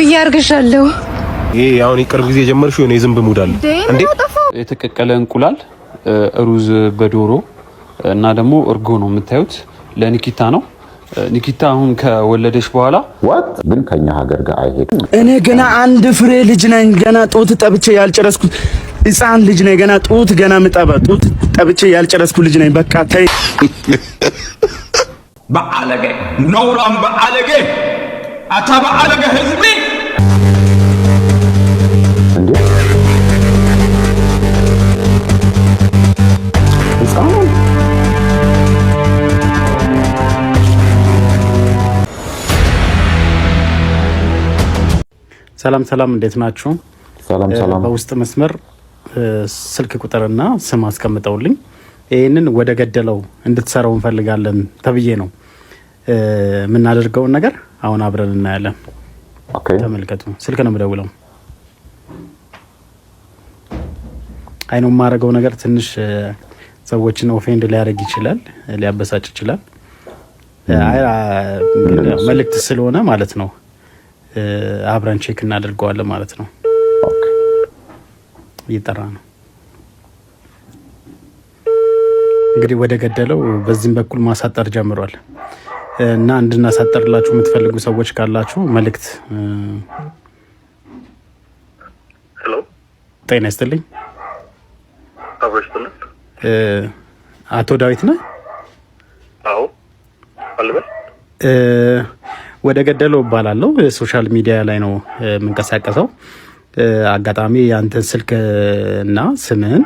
ብዬ አርግሻለሁ። ይሄ አሁን የቅርብ ጊዜ የጀመርሽው የሆነ የዝንብ ሙድ አለ እንዴ? የተቀቀለ እንቁላል፣ ሩዝ በዶሮ እና ደግሞ እርጎ ነው የምታዩት። ለኒኪታ ነው። ኒኪታ አሁን ከወለደች በኋላ ዋት ግን ከኛ ሀገር ጋር አይሄድ። እኔ ገና አንድ ፍሬ ልጅ ነኝ። ገና ጡት ጠብቼ ያልጨረስኩት ህፃን ልጅ ነኝ። ገና ጡት ገና ምጠባ ጡት ጠብቼ ያልጨረስኩ ልጅ ነኝ። በቃ ተይ በአለጌ ነውራም በአለጌ አታበአለገ ህዝቤ ሰላም ሰላም፣ እንዴት ናችሁ? ሰላም ሰላም። በውስጥ መስመር ስልክ ቁጥርና ስም አስቀምጠውልኝ ይህንን ወደ ገደለው እንድትሰራው እንፈልጋለን ተብዬ ነው የምናደርገውን ነገር አሁን አብረን እናያለን። ተመልከቱ። ስልክ ነው የምደውለው። አይኖ የማደርገው ነገር ትንሽ ሰዎችን ኦፌንድ ሊያደርግ ይችላል፣ ሊያበሳጭ ይችላል። መልእክት ስለሆነ ማለት ነው። አብረን ቼክ እናደርገዋለን ማለት ነው። እየጠራ ነው እንግዲህ ወደ ገደለው በዚህም በኩል ማሳጠር ጀምሯል። እና እንድናሳጠርላችሁ የምትፈልጉ ሰዎች ካላችሁ መልእክት። ጤና ይስጥልኝ። አቶ ዳዊት ነህ? አዎ። ወደ ገደሎ እባላለሁ። ሶሻል ሚዲያ ላይ ነው የምንቀሳቀሰው። አጋጣሚ የአንተን ስልክ እና ስምህን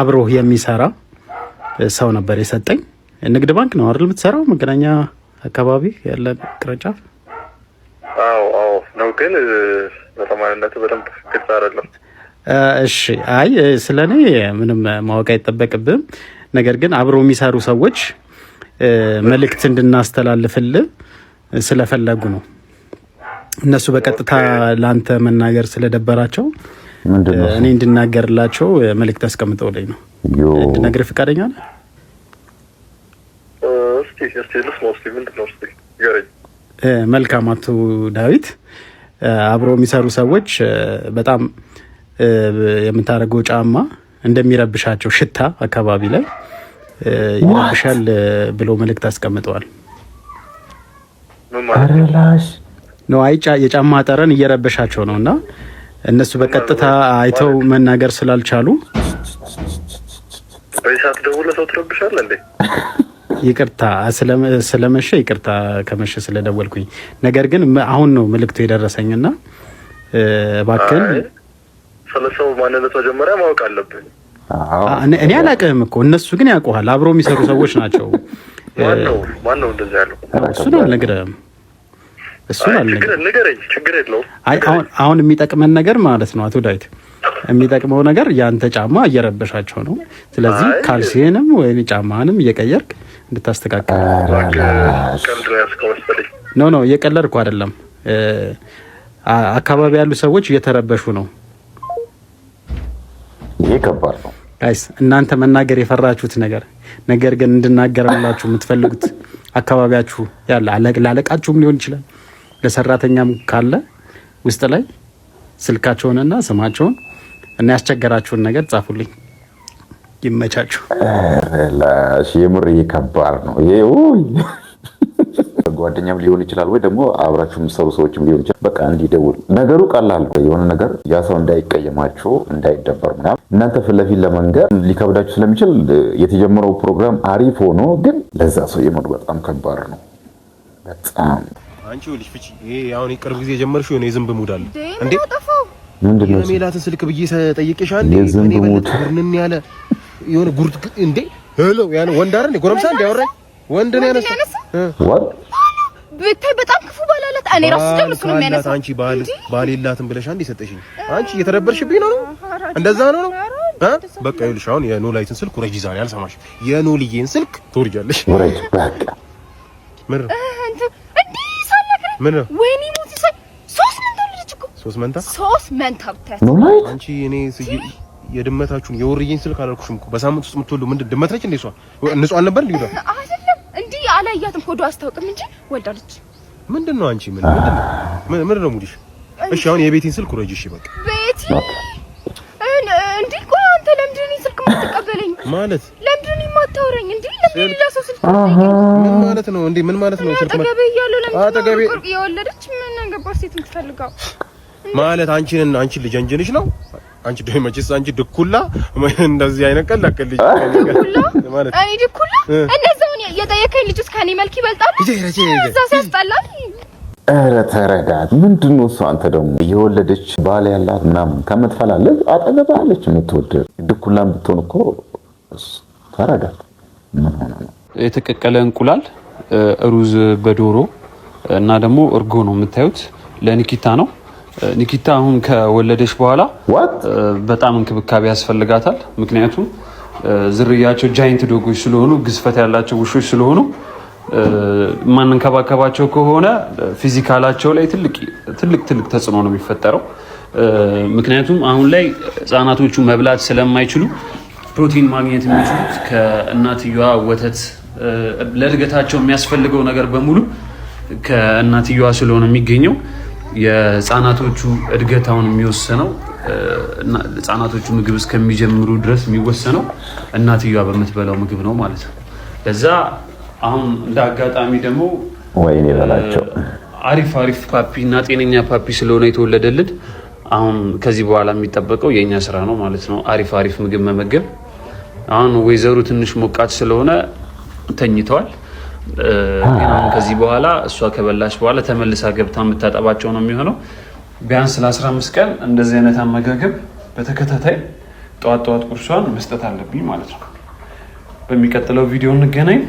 አብሮህ የሚሰራ ሰው ነበር የሰጠኝ ንግድ ባንክ ነው አይደል የምትሰራው? መገናኛ አካባቢ ያለ ቅርንጫፍ? አዎ አዎ፣ ነው ግን በተማንነቱ በደንብ ግልጽ አይደለም። እሺ፣ አይ ስለ እኔ ምንም ማወቅ አይጠበቅብም። ነገር ግን አብረው የሚሰሩ ሰዎች መልእክት እንድናስተላልፍልህ ስለፈለጉ ነው። እነሱ በቀጥታ ለአንተ መናገር ስለደበራቸው እኔ እንድናገርላቸው መልእክት አስቀምጠው ላይ ነው። እንድነግርህ ፈቃደኛ ነህ? መልካም አቶ ዳዊት፣ አብረው የሚሰሩ ሰዎች በጣም የምታደርገው ጫማ እንደሚረብሻቸው ሽታ አካባቢ ላይ ይረብሻል ብሎ መልእክት አስቀምጠዋል። ነው የጫማ ጠረን እየረበሻቸው ነው እና እነሱ በቀጥታ አይተው መናገር ስላልቻሉ በሰዓት ሰው እንዴ? ይቅርታ ስለመሸ ይቅርታ ከመሸ ስለደወልኩኝ። ነገር ግን አሁን ነው ምልክቱ የደረሰኝ የደረሰኝና እባክህን ስለሰው ማንነት መጀመሪያ ማወቅ አለብን። እኔ አላውቅህም እኮ እነሱ ግን ያውቁሃል። አብሮ የሚሰሩ ሰዎች ናቸው። ማነው እንደዚህ ያለው? እሱን አልነግረህም። እሱን አልነግረህም። አሁን የሚጠቅመን ነገር ማለት ነው አቶ ዳዊት የሚጠቅመው ነገር ያንተ ጫማ እየረበሻቸው ነው። ስለዚህ ካልሲንም ወይ ጫማህንም እየቀየርክ እንድታስተካከል ኖ ኖ እየቀለድኩ አይደለም። አካባቢ ያሉ ሰዎች እየተረበሹ ነው። ይህ ከባድ ነው ጋይስ። እናንተ መናገር የፈራችሁት ነገር ነገር ግን እንድናገርላችሁ የምትፈልጉት አካባቢያችሁ ያለ ላለቃችሁም ሊሆን ይችላል ለሰራተኛም ካለ ውስጥ ላይ ስልካቸውንና ስማቸውን እና ያስቸገራችሁን ነገር ጻፉልኝ። ይመቻችሁ። እሺ፣ የምር ከባድ ነው ይሄ ጓደኛም ሊሆን ይችላል ወይ ደግሞ አብራችሁ የሚሰሩ ሰዎችም ሊሆን ይችላል። በቃ እንዲደውል ነገሩ ቀላል የሆነ ነገር ያ ሰው እንዳይቀየማቸው እንዳይደበር ምናም እናንተ ፊት ለፊት ለመንገር ሊከብዳችሁ ስለሚችል የተጀመረው ፕሮግራም አሪፍ ሆኖ ግን ለዛ ሰው የመዱ በጣም ከባድ ነው። በጣም አንቺ ልጅ ፍቺ ይሄ አሁን የቅርብ ጊዜ የጀመርሽው የሆነ የዝንብ ሙድ አለ እንዴ? ምንድን ሜላትን ስልክ ብዬ ጠይቄሻል። ዝንብ ሙድ ያለ የሆነ ጉርድ እንዴ ሄሎ ያን ወንድ አይደል ጎረምሳ እንዴ አወራኝ ወንድ ነው ያነሳ ወንድ ብታይ በጣም ክፉ ባላላት እኔ ራሱ ደም እሱ ነው የሚያነሳ አንቺ ባል ባል የላትም ብለሽ አንዴ ሰጠሽኝ አንቺ እየተደበርሽብኝ ነው ነው እንደዛ ነው ነው በቃ ይኸውልሽ አሁን የኖ ላይትን ስልክ ውረጅ ዛሬ አልሰማሽ የኖ ልዬን ስልክ ትወርጃለሽ ውረጅ በቃ ምን ነው እንዴ ሳላከረ ምን ነው ወይኔ ሙት ይሰ ሶስት መንታ ልጅ እኮ ሶስት መንታ ሶስት መንታ ብታይ ነው አንቺ እኔ የድመታችሁን የወርዬን ስልክ አላልኩሽም እኮ በሳምንት ውስጥ የምትወልደው ምንድን ድመት ነች እንዴ? እሷ ንጹህ አልነበር እንዴ? አይደለም እንዴ? አላያትም። ሆዷ አስታውቅም እንጂ ወልዳለች። ምንድን ነው አንቺ? ምን ምንድን ነው ምንድን ነው ሙዲሽ? እሺ አሁን የቤቴን ስልክ ውረጅ። እሺ በቃ ቤቲ እንዴ ቆይ፣ አንተ ለምንድን ነው ስልክ የማትቀበለኝ? ማለት ለምንድን ነው የማታወራኝ እንዴ? ለምን ሌላ ሰው ስልክ ምን ማለት ነው እንዴ? ምን ማለት ነው? ስልክ ማለት አጠገቤ እያለሁ ለምን ነው የወለደች? ምን አገባሽ? ሴት የምትፈልገው ማለት አንቺን አንቺን ልጅ አንጀንሽ ነው አንቺ ደይ መችስ አንቺ ድኩላ እንደዚህ አይነት ቀላቀል ልጅ ማለት እኔ ድኩላ እንደዛውን የጠየከኝ ልጅ ውስጥ ከኔ መልክ ይበልጣል። እዛ ሲያስጠላል። ኧረ ምንድን ነው እሱ? አንተ ደግሞ የወለደች ባል ያላት ምናምን ከምትፈላለግ አጠገብህ አለች የምትወድ ድኩላን ብትሆን እኮ ተረዳት። ምን ሆነ ነው የተቀቀለ እንቁላል፣ ሩዝ በዶሮ እና ደግሞ እርጎ ነው የምታዩት። ለኒኪታ ነው ኒኪታ አሁን ከወለደች በኋላ በጣም እንክብካቤ ያስፈልጋታል። ምክንያቱም ዝርያቸው ጃይንት ዶጎች ስለሆኑ ግዝፈት ያላቸው ውሾች ስለሆኑ ማንንከባከባቸው ከሆነ ፊዚካላቸው ላይ ትልቅ ትልቅ ተጽዕኖ ነው የሚፈጠረው። ምክንያቱም አሁን ላይ ህፃናቶቹ መብላት ስለማይችሉ ፕሮቲን ማግኘት የሚችሉት ከእናትየዋ ወተት፣ ለእድገታቸው የሚያስፈልገው ነገር በሙሉ ከእናትየዋ ስለሆነ የሚገኘው የህፃናቶቹ እድገት አሁን የሚወሰነው ህፃናቶቹ ምግብ እስከሚጀምሩ ድረስ የሚወሰነው እናትየዋ በምትበላው ምግብ ነው ማለት ነው። ለዛ አሁን እንደ አጋጣሚ ደግሞ ወይን የበላቸው አሪፍ አሪፍ ፓፒ እና ጤነኛ ፓፒ ስለሆነ የተወለደልን አሁን ከዚህ በኋላ የሚጠበቀው የእኛ ስራ ነው ማለት ነው። አሪፍ አሪፍ ምግብ መመገብ። አሁን ወይዘሩ ትንሽ ሞቃት ስለሆነ ተኝተዋል። ግን ከዚህ በኋላ እሷ ከበላሽ በኋላ ተመልሳ ገብታ የምታጠባቸው ነው የሚሆነው። ቢያንስ ለ15 ቀን እንደዚህ አይነት አመጋገብ በተከታታይ ጠዋት ጠዋት ቁርሷን መስጠት አለብኝ ማለት ነው። በሚቀጥለው ቪዲዮ እንገናኝ።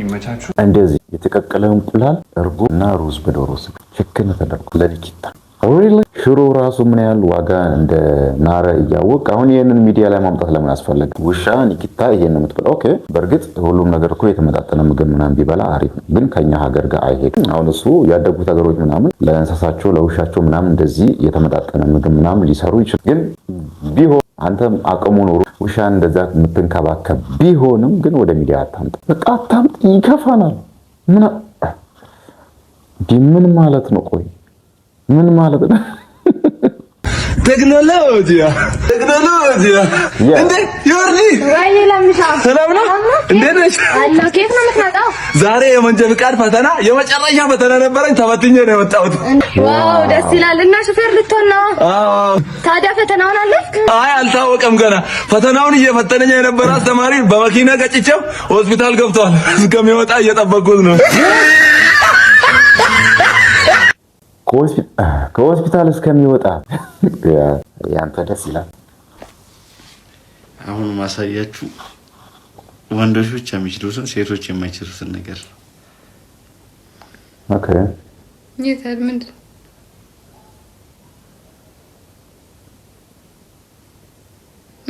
ይመቻችሁ። እንደዚህ የተቀቀለ እንቁላል፣ እርጎ እና ሩዝ በዶሮ ስጋ ችክን ተደርጎ ለኒኪታ Oh, ሽሮ ራሱ ምን ያህል ዋጋ እንደ ናረ እያወቅ አሁን ይህንን ሚዲያ ላይ ማምጣት ለምን አስፈለገ? ውሻ ኒኪታ ይሄን የምትበላ ኦኬ። በእርግጥ ሁሉም ነገር እኮ የተመጣጠነ ምግብ ምናምን ቢበላ አሪፍ ነው፣ ግን ከኛ ሀገር ጋር አይሄድም። አሁን እሱ ያደጉት ሀገሮች ምናምን ለእንስሳቸው ለውሻቸው ምናምን እንደዚህ የተመጣጠነ ምግብ ምናምን ሊሰሩ ይችላል። ግን ቢሆን አንተም አቅሙ ኖሮ ውሻን እንደዛ የምትንከባከብ ቢሆንም ግን ወደ ሚዲያ አታምጥ፣ በቃ አታምጥ። ይከፋናል። ምን ማለት ነው? ቆይ ምን ማለት ነው? ቴክኖሎጂ ቴክኖሎጂ እንዴ! ዮርዲ ዛሬ የመንጀ ፍቃድ ፈተና የመጨረሻ ፈተና ነበረኝ። ተፈትኜ ነው የመጣሁት ዋው ደስ ይላል። እና ሹፌር ልትሆን ነው? አዎ። ታዲያ ፈተናውን አለፍክ? አይ አልታወቀም ገና። ፈተናውን እየፈተነኝ የነበረ አስተማሪ በመኪና ገጭቼው ሆስፒታል ገብቷል። እስከሚወጣ እየጠበኩት ነው። ከሆስፒታል እስከሚወጣ ያንተ ደስ ይላል። አሁን ማሳያችሁ ወንዶች የሚችሉትን ሴቶች የማይችሉትን ነገር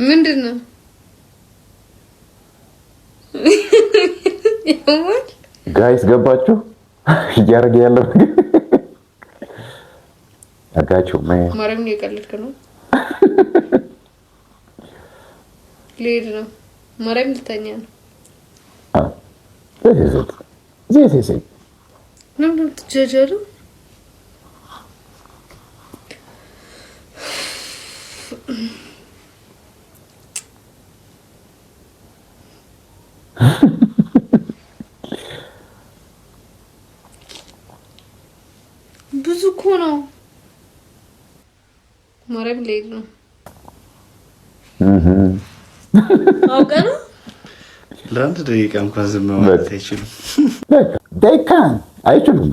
ምንድን ነው? ጋይስ ገባችሁ እያደረገ ያለው ነገር አጋቸው ማርያም ነው ነው። ልሄድ ነው ማርያም ልተኛ ነው። ትጀጀሩ ብዙ እኮ ነው ማርያም ልሄድ ነው አውቀህ ነው። ለአንድ ደቂቃ እንኳን ዝም ማለት አይችሉም። ደቂቃን አይችሉም።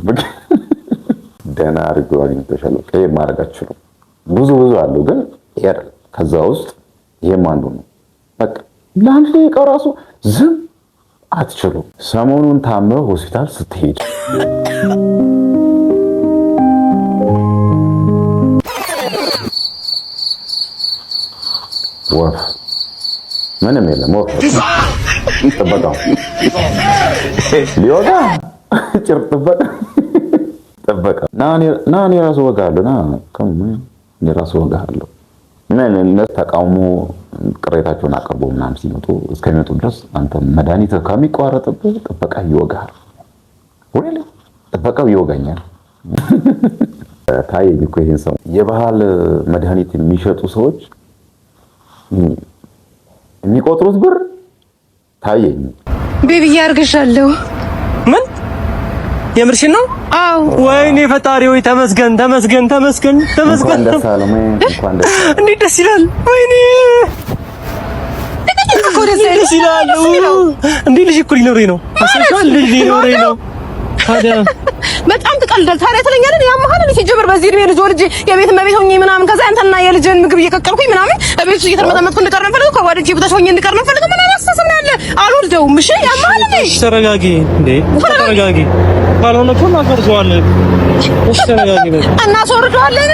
ደህና አድርጎ አግኝቶሻል። ይሄ ማድረግ አችሉም። ብዙ ብዙ አለው ግን ር ከዛ ውስጥ ይሄም አንዱ ነው። በቃ ለአንድ ደቂቃ ራሱ ዝም አትችሉም። ሰሞኑን ታምረ ሆስፒታል ስትሄድ ወፍ ምንም የለም። ወፍ ጥበቃ ሊወጣ ጭር ጥበቃ ጥበቃ ና እኔ ራሱ ወጋለሁ ና እኔ ራሱ ወጋለሁ። ምን እነሱ ተቃውሞ ቅሬታቸውን አቅርቦ ምናም ሲመጡ እስከሚመጡ ድረስ አንተ መድኃኒት ከሚቋረጥብህ ጥበቃ ይወጋል። ጥበቃው ይወጋኛል። ታየኝ እኮ ይሄን ሰው የባህል መድኃኒት የሚሸጡ ሰዎች የሚቆጥሩት ብር ታየኝ። ቤቢዬ አርግዣለሁ። ምን የምርሽን ነው? አዎ። ወይኔ ፈጣሪ ወይ ተመስገን፣ ተመስገን፣ ተመስገን፣ ተመስገን። እንዴት ደስ ይላል! ወይኔ ደስ ይላል! እንዴ ልጅ እኮ ሊኖረኝ ነው። ልጅ ሊኖረኝ ነው በጣም ትቀልዳል። ታዲያ ትለኛለህ ያማሃል ልጅ ጀምር በዚህ እድሜ ልጅ ወልጅ የቤት እመቤት ሆኜ ምናምን ከዛ አንተና የልጅን ምግብ እየቀቀልኩኝ ምናምን እቤት ውስጥ እየተርመጠመጥኩ እንድቀር ነው የምፈልገው። ከጓደኞቼ ብታሽ ሆኜ እንድቀር ነው የምፈልገው። ምን አላስተሰብ ነው ያለ አልወልደውም። እሺ ያማሃል ልጅ ተረጋጊ፣ እንዴ ተረጋጊ። ካልሆነ እኮ እናገርዘዋለን። እሺ ተረጋጊ። በቃ እናስወርደዋለን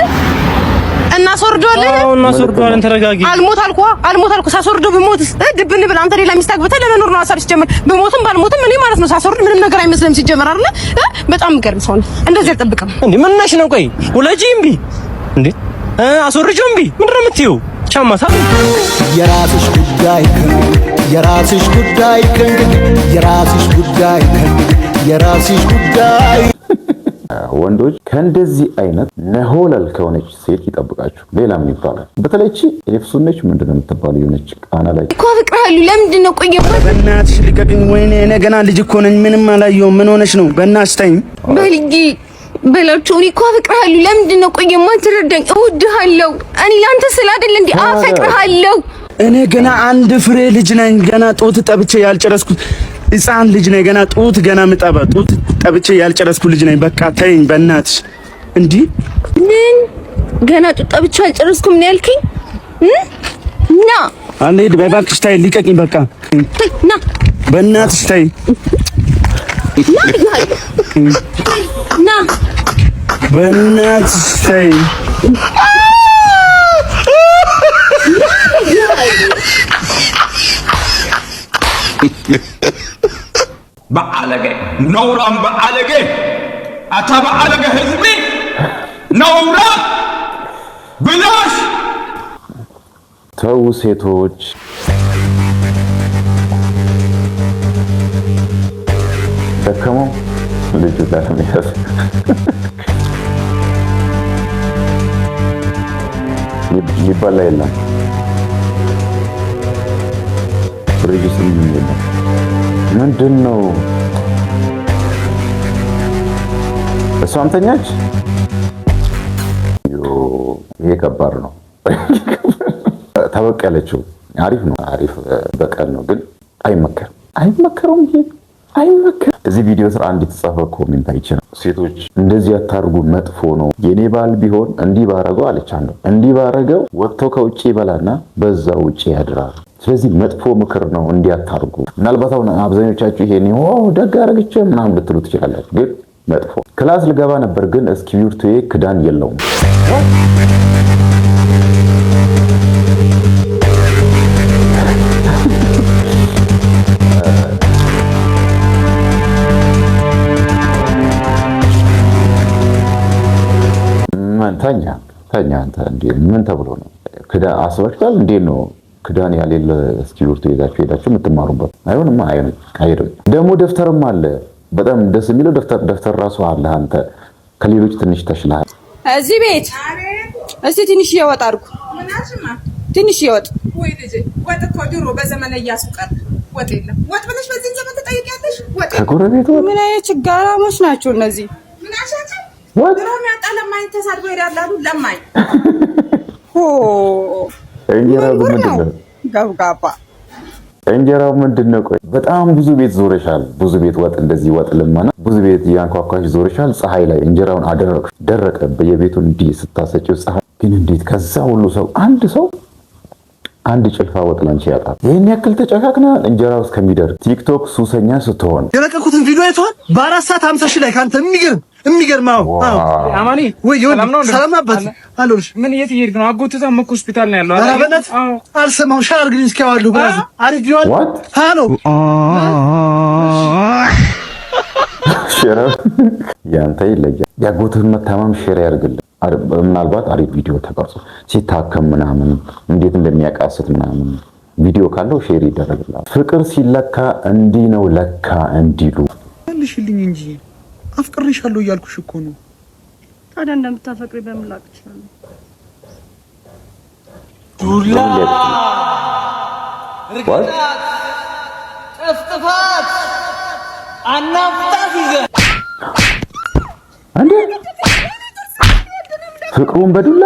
እናስወርደዋለን። አዎ እናስወርደዋለን። ተረጋጊ። አልሞት አልኩ አልሞት አልኩ። ሳስወርደው ብሞትስ ድብን ብል አንተ ሌላ ሚስት አግብተህ ለመኖር ነው ሀሳብ ሲጀምር። ብሞትም ባልሞትም እኔ ማለት ነው ሳስወርድ ምንም ነገር አይመስልም ሲጀምር አይደለ? በጣም ገርም ሰው እንደዚህ አልጠብቅም እንዴ። ምን ነሽ ነው? ቆይ ወላጂ እምቢ እንዴ አስወርጂው። እምቢ ምንድን ነው የምትይው? ቻማ ሳብ የራስሽ ጉዳይ የራስሽ ጉዳይ የራስሽ ጉዳይ የራስሽ ጉዳይ ወንዶች ከእንደዚህ አይነት ነሆለል ከሆነች ሴት ይጠብቃችሁ። ሌላም ይባላል። በተለይ ቺ ኤፍሱን ነች ምንድን ነው የምትባለው? የሆነች ቃና ላይ እኮ አፈቅርሃለሁ። ለምንድን ነው ቆየ? በእናትሽ ልቀቅኝ። ወይኔ እኔ ገና ልጅ እኮ ነኝ። ምንም አላየሁም። ምን ሆነች ነው? በእናትሽ ተይኝ በልጊ በላቸው እኔ እኮ አፈቅርሃለሁ። ለምንድን ነው ቆየ የማትረዳኝ? እወድሃለሁ። እኔ አንተ ስለ አይደል እንዴ አፈቅርሃለሁ። እኔ ገና አንድ ፍሬ ልጅ ነኝ። ገና ጦት ጠብቼ ያልጨረስኩት ህፃን ልጅ ነኝ። ገና ጡት ገና ምጠባ ጡት ጠብቼ ያልጨረስኩ ልጅ ነኝ። በቃ ተይኝ በእናትሽ። እንዲህ ምን ገና ጡት ጠብቼ አልጨረስኩም ነው ያልከኝ? ና አንዴ በባክሽ ተይኝ፣ ሊቀቅኝ። በቃ ና በእናትሽ ተይኝ። ና በእናትሽ ተይኝ። በአለገ ነውራም በአለገ አታ በአለገ ህዝቢ ነውራ ብላሽ ተው ሴቶች ደከሞ ልጁ ጋር ሚያዝ የሚበላ የለም ፍሪጅ ውስጥ የለም። ምንድን ነው? እሷም ተኛች። ይሄ ከባድ ነው። ተበቀለችው። አሪፍ ነው፣ አሪፍ በቀል ነው፣ ግን አይመከርም። አይመከረውም፣ አይመከርም። እዚህ ቪዲዮ አንድ የተጻፈ ኮሜንት ሴቶች እንደዚህ አታርጉ፣ መጥፎ ነው። የኔ ባል ቢሆን እንዲህ ባረገው አለች። አንዱ እንዲህ ባረገው ከውጭ ይበላና በዛ ውጭ ያድራል። ስለዚህ መጥፎ ምክር ነው እንዲያታርጉ። ምናልባት አሁን አብዛኞቻችሁ ይሄን ሆ ደግ አረግቼ ምናም ልትሉ ትችላላችሁ፣ ግን መጥፎ ክላስ ልገባ ነበር ግን እስክሪብቶዬ ክዳን የለውም። ተኛ ተኛ፣ ምን ተብሎ ነው ክዳ አስበሽታል እንዴ ነው ክዳን ያሌለ እስኪብርቶ ይዛችሁ ሄዳችሁ የምትማሩበት አይሆንም። አይሄድም። ደግሞ ደብተርም አለ። በጣም ደስ የሚለው ደብተር ራሱ አለ። አንተ ከሌሎች ትንሽ ተሽለሃል። እዚህ ቤት እስቲ ትንሽ እየወጥ አድርጉ። ትንሽ እየወጥ ወጥ እኮ ድሮ በዘመነ እያሱ ቀር ወጥ የለም። ወጥ ብለሽ በዚህ ዘመን ትጠይቂያለሽ? ወጥ ከጎረቤት ወጥ ምን አይነት ችጋራሞች ናቸው እነዚህ? ድሮ የሚያጣ ለማኝ ተሳድበው ይሄዳሉ። ለማኝ እንጀራው ምንድን ነው? ገብጋባ እንጀራው ምንድን ነው? ቆይ በጣም ብዙ ቤት ዞርሻል። ብዙ ቤት ወጥ እንደዚህ ወጥ ልመና ብዙ ቤት ያንኳኳሽ ዞርሻል። ፀሐይ ላይ እንጀራውን አደረግሽ፣ ደረቀ። በየቤቱ እንዲህ ስታሰጪው ፀሐይ ግን እንዴት ከዛ ሁሉ ሰው አንድ ሰው አንድ ጭልፋ ወጥ ላንቺ ያጣል። ይህን ያክል ተጨካክናል። እንጀራው እስከሚደርቅ ቲክቶክ ሱሰኛ ስትሆን የለቀኩትን ቪዲዮ አይተዋል። በአራት ሰዓት ሀምሳ ሺህ ላይ ከአንተ የሚገርም የሚገርም አማኒ ወይ ሰላም አባት አለሁልሽ። ምን የት እየሄድክ ነው? አጎትህ እዛም እኮ ሆስፒታል ነው ያለው። ኧረ በእናትህ አልሰማሁም። ሻል አድርግልኝ እስኪ አዋለሁ። አሪፍ ቢሆን ሄሎ ሼር ያንተ ይለያል። ያጎትህን መታመም ሼር ያድርግልህ። ምናልባት አሪፍ ቪዲዮ ተቀርጾ ሲታከም ምናምን እንዴት እንደሚያቃስት ምናምን ቪዲዮ ካለው ሼር ይደረግላል። ፍቅር ሲለካ እንዲህ ነው ለካ እንዲሉ ልሽልኝ እንጂ አፍቅሬሻለሁ እያልኩሽ እኮ ነው። ታዲያ እንደምታፈቅሪ በምን ላውቅ እችላለሁ? ዱላ፣ ርግጣት፣ ጥፍጥፋት አናፍጣት ይዘህ አንዴ ፍቅሩን በዱላ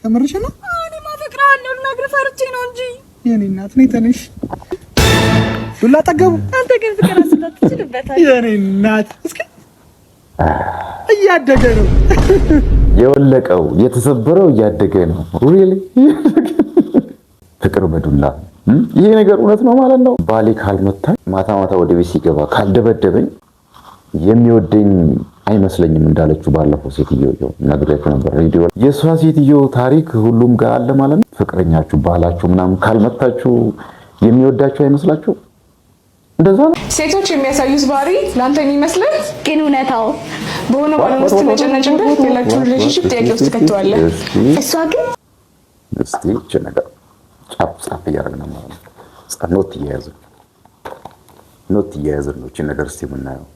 ከምርሽ ነው። እኔ ማፈቅራለሁ ልነግርህ ፈርቼ ነው እንጂ የኔ እናት ነኝ። ተነሽ ዱላ ጠገቡ። አንተ ግን ፍቅር አስላት የኔ እናት እስኪ እያደገ ነው የወለቀው የተሰበረው እያደገ ነው። ሪሊ ፍቅር በዱላ ይሄ ነገር እውነት ነው ማለት ነው። ባሌ ካልመታኝ ማታ ማታ ወደ ቤት ሲገባ ካልደበደበኝ የሚወደኝ አይመስለኝም እንዳለችው ባለፈው ሴትዮ ነግሬያችሁ ነበር ሬዲዮ። የእሷ ሴትዮ ታሪክ ሁሉም ጋር አለ ማለት ነው። ፍቅረኛችሁ ባላችሁ ምናምን ካልመታችሁ የሚወዳችሁ አይመስላችሁ እንደዛ ነው ሴቶች የሚያሳዩት ባህሪ ለአንተ የሚመስልህ ግን እውነታው በሆነ ባለ ውስጥ ነጨነጭበት ሌላቸው ሪሌሽንሽፕ ጥያቄ ውስጥ ከተዋለ እሷ ግን እስቲ ይህች ነገር ጫፍ ጻፍ እያደረግን ነው ማለት ኖት እየያዝን ኖት እየያዝን ነው ይህችን ነገር እስቲ የምናየው።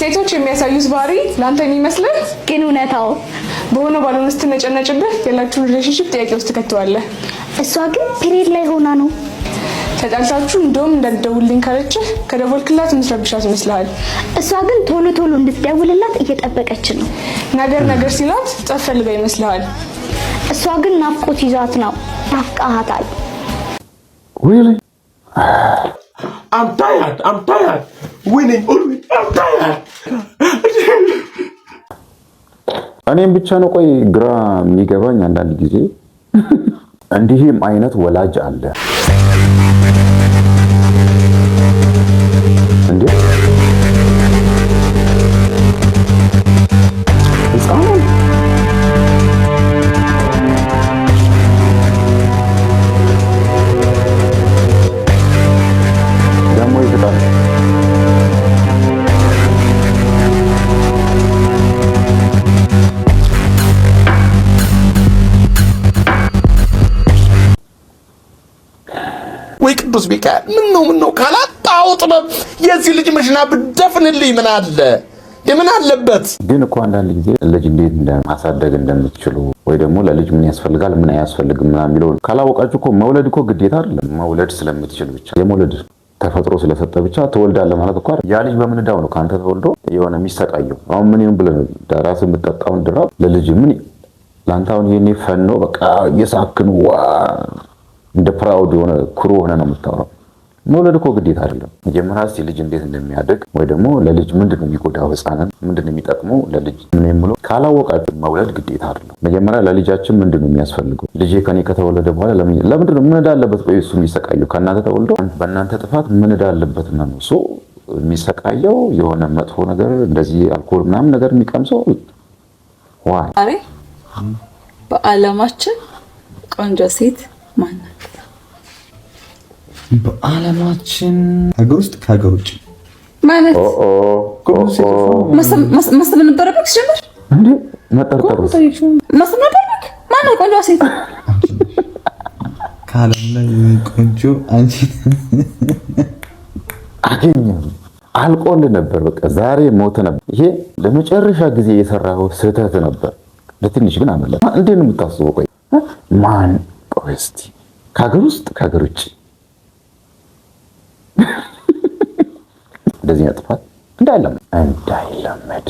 ሴቶች የሚያሳዩት ባህሪ ለአንተ የሚመስልህ ግን እውነታው በሆነ ባለ ውስጥ ነጨነጭበት ሌላቸው ሪሌሽንሽፕ ጥያቄ ውስጥ ከተዋለ እሷ ግን ፒሪድ ላይ ሆና ነው ተጣልታችሁ እንደውም እንዳልደውልኝ ከረች ከደወልክላት የምትረብሻት ይመስልሃል? እሷ ግን ቶሎ ቶሎ እንድትደውልላት እየጠበቀች ነው። ነገር ነገር ሲላት ጸብ ፈልጋ ይመስልሃል? እሷ ግን ናፍቆት ይዟት ነው። ናፍቃሃታል። oh, እኔም ብቻ ነው ቆይ ግራ የሚገባኝ አንዳንድ ጊዜ እንዲህም አይነት ወላጅ አለ። Thank you. ቅዱስ ሚካኤል ምን ነው ምን ነው ካላት ጣዖት ነው። የዚህ ልጅ መሽና ብደፍንልኝ ምን አለ ምን አለበት? ግን እኮ አንዳንድ ጊዜ ልጅ እንዴት ማሳደግ እንደምትችሉ ወይ ደግሞ ለልጅ ምን ያስፈልጋል ምን አያስፈልግም ምናምን የሚለው ካላወቃችሁ እኮ መውለድ እኮ ግዴታ አይደለም። መውለድ ስለምትችል ብቻ የመውለድ ተፈጥሮ ስለሰጠ ብቻ ትወልዳለህ ማለት እኮ ያ ልጅ በምን እዳው ነው ከአንተ ተወልዶ የሆነ የሚሰቃየው አሁን ምን ይሁን ብለህ ራስ የምጠጣውን ድራብ ለልጅ ምን ለአንተ አሁን ይሄኔ ፈኖ በቃ እየሳክን ዋ እንደ ፕራውድ የሆነ ኩሩ ሆነ ነው የምታወራው። መውለድ እኮ ግዴታ አይደለም። መጀመሪያ እስኪ ልጅ እንዴት እንደሚያደግ ወይ ደግሞ ለልጅ ምንድን ነው የሚጎዳው ሕፃንን ምንድን ነው የሚጠቅመው ለልጅ ምን የምለው ካላወቃችሁ መውለድ ግዴታ አይደለም። መጀመሪያ ለልጃችን ምንድን ነው የሚያስፈልገው? ልጄ ከኔ ከተወለደ በኋላ ለምንድን ነው ምን እዳለበት? ቆይ እሱ የሚሰቃየው ከእናንተ ተወልዶ በእናንተ ጥፋት ምን እዳለበትና ነው እሱ የሚሰቃየው? የሆነ መጥፎ ነገር እንደዚህ አልኮል ምናምን ነገር የሚቀምሰው ዋይ በአለማችን ቆንጆ ሴት ማናት? በዓለማችን ሀገር ውስጥ ከሀገር ውጭ ማለት መስብ ሲጀምር ቆንጆ ሴት ከዓለም ላይ ቆንጆ አንቺ አገኘሁ። አልቆል ነበር በቃ ዛሬ ሞተ ነበር። ይሄ ለመጨረሻ ጊዜ የሰራው ስህተት ነበር። ለትንሽ ግን አመለጠ። እንዴት ነው የምታስበው? ቆይ ማን እስቲ ከሀገር ውስጥ ከሀገር ውጭ እንደዚህ ጥፋት እንዳይለመድ እንዳይለመድ